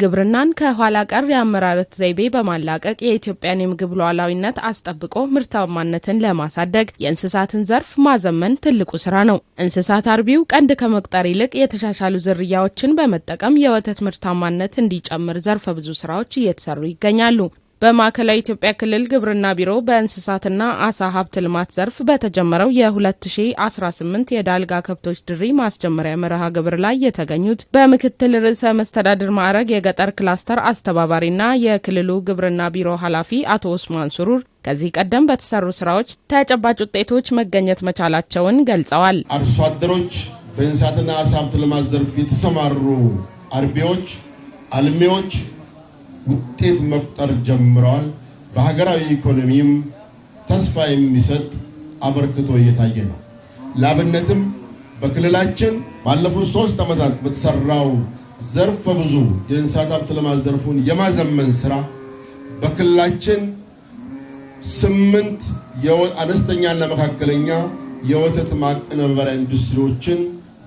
ግብርናን ከኋላ ቀር የአመራረት ዘይቤ በማላቀቅ የኢትዮጵያን የምግብ ሉዓላዊነት አስጠብቆ ምርታማነትን ለማሳደግ የእንስሳትን ዘርፍ ማዘመን ትልቁ ስራ ነው። እንስሳት አርቢው ቀንድ ከመቅጠር ይልቅ የተሻሻሉ ዝርያዎችን በመጠቀም የወተት ምርታማነት እንዲጨምር ዘርፈ ብዙ ስራዎች እየተሰሩ ይገኛሉ። በማዕከላዊ ኢትዮጵያ ክልል ግብርና ቢሮ በእንስሳትና አሳ ሀብት ልማት ዘርፍ በተጀመረው የ2018 የዳልጋ ከብቶች ድሪ ማስጀመሪያ መርሃ ግብር ላይ የተገኙት በምክትል ርዕሰ መስተዳድር ማዕረግ የገጠር ክላስተር አስተባባሪና የክልሉ ግብርና ቢሮ ኃላፊ አቶ ኡስማን ሱሩር ከዚህ ቀደም በተሰሩ ስራዎች ተጨባጭ ውጤቶች መገኘት መቻላቸውን ገልጸዋል። አርሶ አደሮች፣ በእንስሳትና አሳ ሀብት ልማት ዘርፍ የተሰማሩ አርቢዎች፣ አልሚዎች ውጤት መቁጠር ጀምረዋል። በሀገራዊ ኢኮኖሚም ተስፋ የሚሰጥ አበርክቶ እየታየ ነው። ላብነትም በክልላችን ባለፉት ሶስት ዓመታት በተሰራው ዘርፈ ብዙ የእንስሳት ሀብት ልማት ዘርፉን የማዘመን ስራ በክልላችን ስምንት አነስተኛና መካከለኛ የወተት ማቀነባበሪያ ኢንዱስትሪዎችን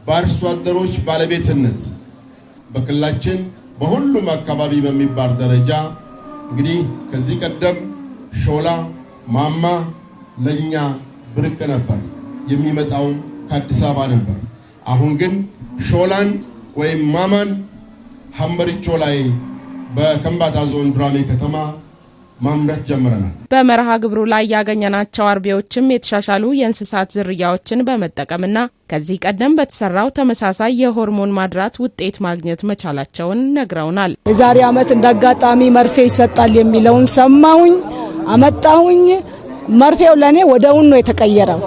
በአርሶ አደሮች ባለቤትነት በክልላችን በሁሉም አካባቢ በሚባል ደረጃ እንግዲህ ከዚህ ቀደም ሾላ ማማ ለኛ ብርቅ ነበር፣ የሚመጣውም ከአዲስ አበባ ነበር። አሁን ግን ሾላን ወይም ማማን ሀምበሪቾ ላይ በከምባታ ዞን ዱራሜ ከተማ ማምረት ጀምረናል። በመርሃ ግብሩ ላይ ያገኘናቸው አርቢዎችም የተሻሻሉ የእንስሳት ዝርያዎችን በመጠቀምና ከዚህ ቀደም በተሰራው ተመሳሳይ የሆርሞን ማድራት ውጤት ማግኘት መቻላቸውን ነግረውናል። የዛሬ ዓመት እንደ አጋጣሚ መርፌ ይሰጣል የሚለውን ሰማሁኝ፣ አመጣሁኝ። መርፌው ለእኔ ውን ነው የተቀየረው።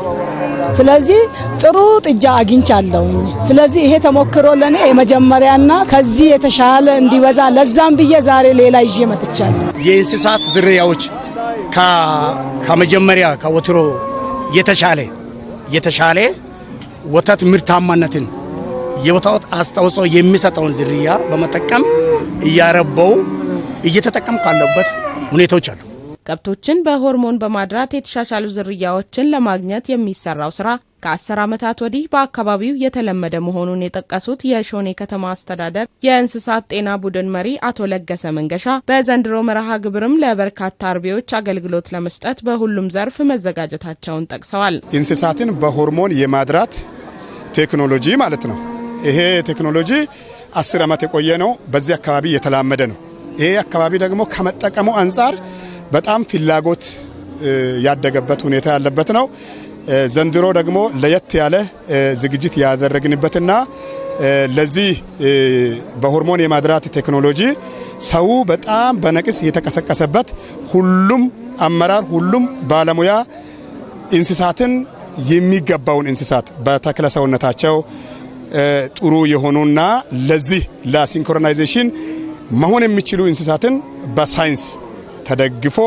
ስለዚህ ጥሩ ጥጃ አግኝቻለሁ። ስለዚህ ይሄ ተሞክሮ ለእኔ የመጀመሪያና ከዚህ የተሻለ እንዲበዛ ለዛም ብዬ ዛሬ ሌላ ይዤ መጥቻለሁ። የእንስሳት ዝርያዎች ከመጀመሪያ ከወትሮ የተሻለ የተሻለ ወተት ምርታማነትን የወተት አስተዋጽኦ የሚሰጠውን ዝርያ በመጠቀም እያረበው እየተጠቀም ካለበት ሁኔታዎች አሉ። ከብቶችን በሆርሞን በማድራት የተሻሻሉ ዝርያዎችን ለማግኘት የሚሰራው ስራ ከአስር ዓመታት ወዲህ በአካባቢው የተለመደ መሆኑን የጠቀሱት የሾኔ ከተማ አስተዳደር የእንስሳት ጤና ቡድን መሪ አቶ ለገሰ መንገሻ በዘንድሮ መርሃ ግብርም ለበርካታ አርቢዎች አገልግሎት ለመስጠት በሁሉም ዘርፍ መዘጋጀታቸውን ጠቅሰዋል። እንስሳትን በሆርሞን የማድራት ቴክኖሎጂ ማለት ነው። ይሄ ቴክኖሎጂ አስር ዓመት የቆየ ነው። በዚህ አካባቢ የተላመደ ነው። ይሄ አካባቢ ደግሞ ከመጠቀሙ አንጻር በጣም ፍላጎት ያደገበት ሁኔታ ያለበት ነው። ዘንድሮ ደግሞ ለየት ያለ ዝግጅት ያደረግንበትና ለዚህ በሆርሞን የማድራት ቴክኖሎጂ ሰው በጣም በነቅስ የተቀሰቀሰበት ሁሉም አመራር፣ ሁሉም ባለሙያ እንስሳትን የሚገባውን እንስሳት በተክለ ሰውነታቸው ጥሩ የሆኑና ለዚህ ለሲንክሮናይዜሽን መሆን የሚችሉ እንስሳትን በሳይንስ ተደግፎ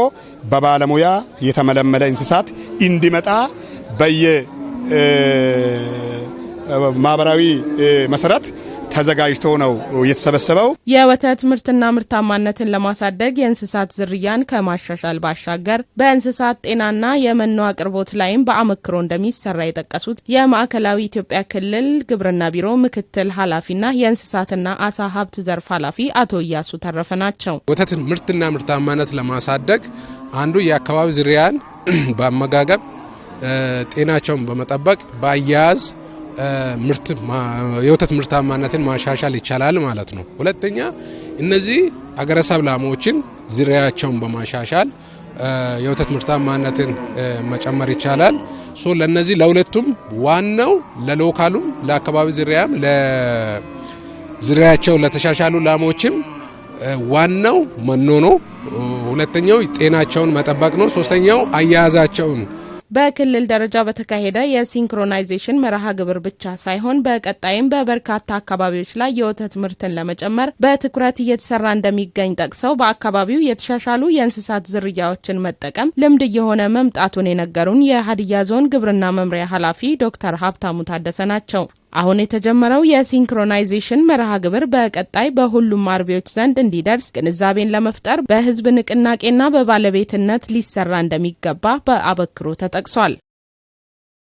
በባለሙያ የተመለመለ እንስሳት እንዲመጣ በየ ማህበራዊ መሰረት ተዘጋጅቶ ነው የተሰበሰበው። የወተት ምርትና ምርታማነትን ለማሳደግ የእንስሳት ዝርያን ከማሻሻል ባሻገር በእንስሳት ጤናና የመኖ አቅርቦት ላይም በአመክሮ እንደሚሰራ የጠቀሱት የማዕከላዊ ኢትዮጵያ ክልል ግብርና ቢሮ ምክትል ኃላፊና የእንስሳትና አሳ ሀብት ዘርፍ ኃላፊ አቶ እያሱ ተረፈ ናቸው። ወተት ምርትና ምርታማነት ለማሳደግ አንዱ የአካባቢ ዝርያን በአመጋገብ ጤናቸውን በመጠበቅ በአያያዝ ምርት የወተት ምርታማነትን ማሻሻል ይቻላል ማለት ነው። ሁለተኛ እነዚህ አገረሰብ ላሞችን ዝርያቸውን በማሻሻል የወተት ምርታማነትን መጨመር ይቻላል። ሶ ለነዚህ ለሁለቱም ዋናው ለሎካሉም ለአካባቢ ዝርያም ለዝርያቸው ለተሻሻሉ ላሞችም ዋናው መኖ ነው። ሁለተኛው ጤናቸውን መጠበቅ ነው። ሶስተኛው አያያዛቸውን በክልል ደረጃ በተካሄደ የሲንክሮናይዜሽን መርሃ ግብር ብቻ ሳይሆን በቀጣይም በበርካታ አካባቢዎች ላይ የወተት ምርትን ለመጨመር በትኩረት እየተሰራ እንደሚገኝ ጠቅሰው በአካባቢው የተሻሻሉ የእንስሳት ዝርያዎችን መጠቀም ልምድ እየሆነ መምጣቱን የነገሩን የሀዲያ ዞን ግብርና መምሪያ ኃላፊ ዶክተር ሀብታሙ ታደሰ ናቸው። አሁን የተጀመረው የሲንክሮናይዜሽን መርሃ ግብር በቀጣይ በሁሉም አርቢዎች ዘንድ እንዲደርስ ግንዛቤን ለመፍጠር በህዝብ ንቅናቄና በባለቤትነት ሊሰራ እንደሚገባ በአበክሮ ተጠቅሷል።